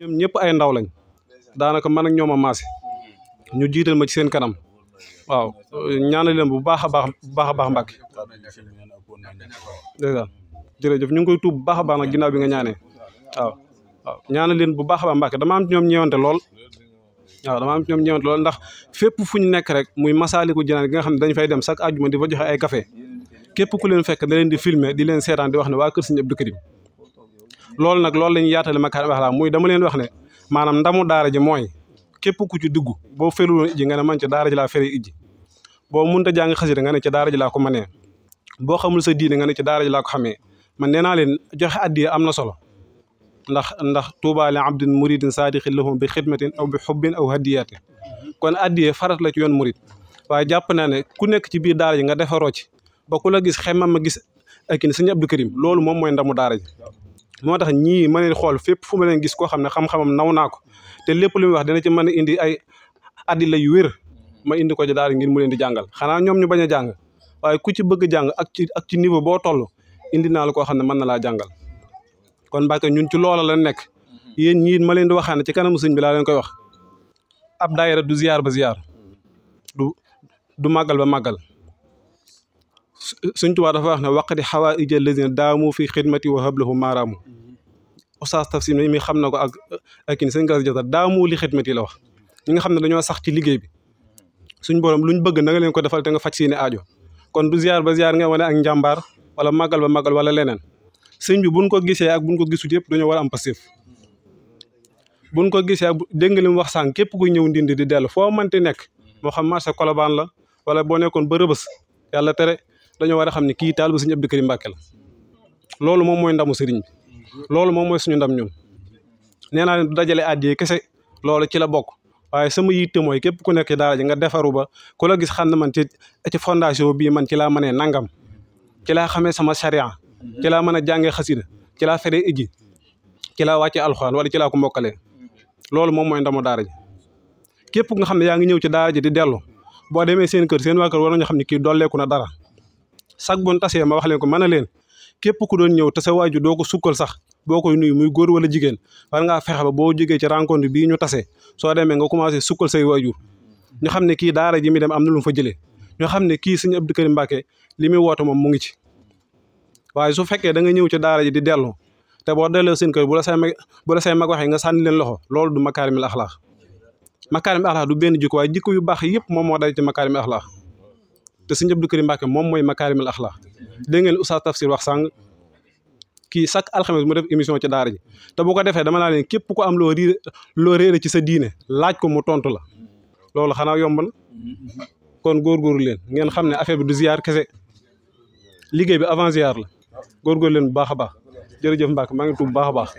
ñoom ñëpp ay ndaw lañ daanaka man ak ñoom a maase ñu jiital ma ci seen kanam waaw ñaanal leen bu baax a baax baax a baax Mbàkke dèjà jërëjëf ñu ngi koy tuub bu baax baax nag bi nga ñaanee waaw leen bu baax a baax Mbàkke dama am ñoom ñeewante lool waaw dama ñoom ñeewante lool ndax fépp fu ñu nekk rek muy Masaalikul Jinaan gi nga xam ne dañ fay dem chaque àjjuma di fa joxe ay café képp ku leen fekk da leen di filmer di leen seetaan di wax ne waa Kër Sëñ Abdou Karim loolu nag loolu la ñuy yaatale makaarim axlaaq muy dama leen wax ne maanaam ndamu daara ji mooy képp ku ci dugg boo ferul ijji nga ne man ca daara ji laa fere ijji boo mënta jàng xasida nga ne ca daara ji laa ko mënee boo xamul sa diine nga ne ci daara ji laa ko xamee man nee naa leen joxe addiya am na solo ndax ndax tuubaa li abdin muridin saadiqin lahum bi xidmatin aw bi xubbin aw hadiyatin kon addiya farat la ci yoon murid waaye jàpp naa ne ku nekk ci biir daara ji nga defaroo ci ba ku la gis xemmam ma gis ak ni sëñ Abdou Karim loolu moom mooy ndamu daara ji moo tax ñii ma leen xool fépp fu ma leen gis koo xam ne xam-xamam naw naa ko te lépp lu wax dina ci mën a indi ay addi la yu wér ma indi ko ci daara ngir mu leen di jàngal xanaa ñoom ñu bañ a jàng waaye ku ci bëgg jàng ak ci ak ci niveau boo toll indi naa la koo xam ne mën na laa jàngal kon Mbàkke ñun ci loola la nekk yéen ñii ma leen di waxaane ci kanamu sëñ bi laa leen koy wax ab daayira du ziyaar ba ziyaar du du ba màggal suñ tubaa dafa wax ne waqati xawaa ija lazina daamu fi xidmati wa hablahu maaraamu oustaz tafsir mi mi xam na ko ak ak ni sëñ gas jota daamu li xidmati la wax ñi nga xam ne dañoo sax ci liggéey bi suñ borom luñ bëgg na nga leen ko defal te nga faj seeni ajo kon du ziar ba ziar nga wane ak njàmbaar wala màggal ba màggal wala leneen suñ bi buñ ko gisee ak buñ ko gisut yëpp dañoo war a am passif buñ ko gisee ak dégg nga li mu wax sànq képp ku ñëw ndindi di dellu foo mënti nekk moo xam marché Colobane la wala boo nekkoon dañoo war a xam ne kii taalibu sëriñ Abdou Karim Mbàkke la loolu moom mooy ndamu sëriñ loolu moom mooy suñu ndam ñun nee naa leen du dajale àddiyee kese loolu ci la bokk waaye sama yitte mooy képp ku nekk ci daara ji nga defaru ba ko la gis xam ne man ci ci fondation bii man ci laa mënee nangam ci laa xamee sama charia ci laa mën a jàngee xasida ci laa feree iji ci laa wàccee alxuraan wala ci laa ko mbokkalee loolu moom mooy ndamu daara ji képp nga xam ne yaa ngi ñëw ci daara ji di dellu boo demee seen kër seen waa kër war nañu xam ne kii dolleeku na dara sag bon tasee ma wax leen ko mën a leen képp ku doon ñëw te sa waaju doo ko sukkal sax boo koy nuyu muy góor wala jigéen war ngaa fexe ba boo jógee ci rencontre bii ñu tase soo demee nga commencé sukkal say waajur ñu xam ne kii daara ji mi dem am na lu fa jëlee ñu xam ne kii sëñ Abdou Karim Mbacke li muy woote moom mu ngi ci waaye su fekkee da nga ñëw ci daara ji di delloo te boo delloo seen kër bu la say mag bu la say mag waxee nga sànni leen loxo loolu du makaarimil axlaax makaarimil axlaax du benn jikko waaye yu baax yëpp moom moo daj ci te si sëñ Abdou Karim Mbacke moom mooy makaarimul axlaq dégg ngeen oustaz tafsir wax sàng kii chaque alxames mu def émission ci daara ji te bu ko defee dama naa leen képp ko am loo riir loo réere ci sa diine laaj ko mu tontu la loolu xanaa yomb na kon góorgóorlu leen ngeen xam ne affaire bi du ziar kese liggéey bi avant ziar la góorgóorlu leen bu baax a baax jërëjëf Mbacke maa ngi tudd bu baax a baax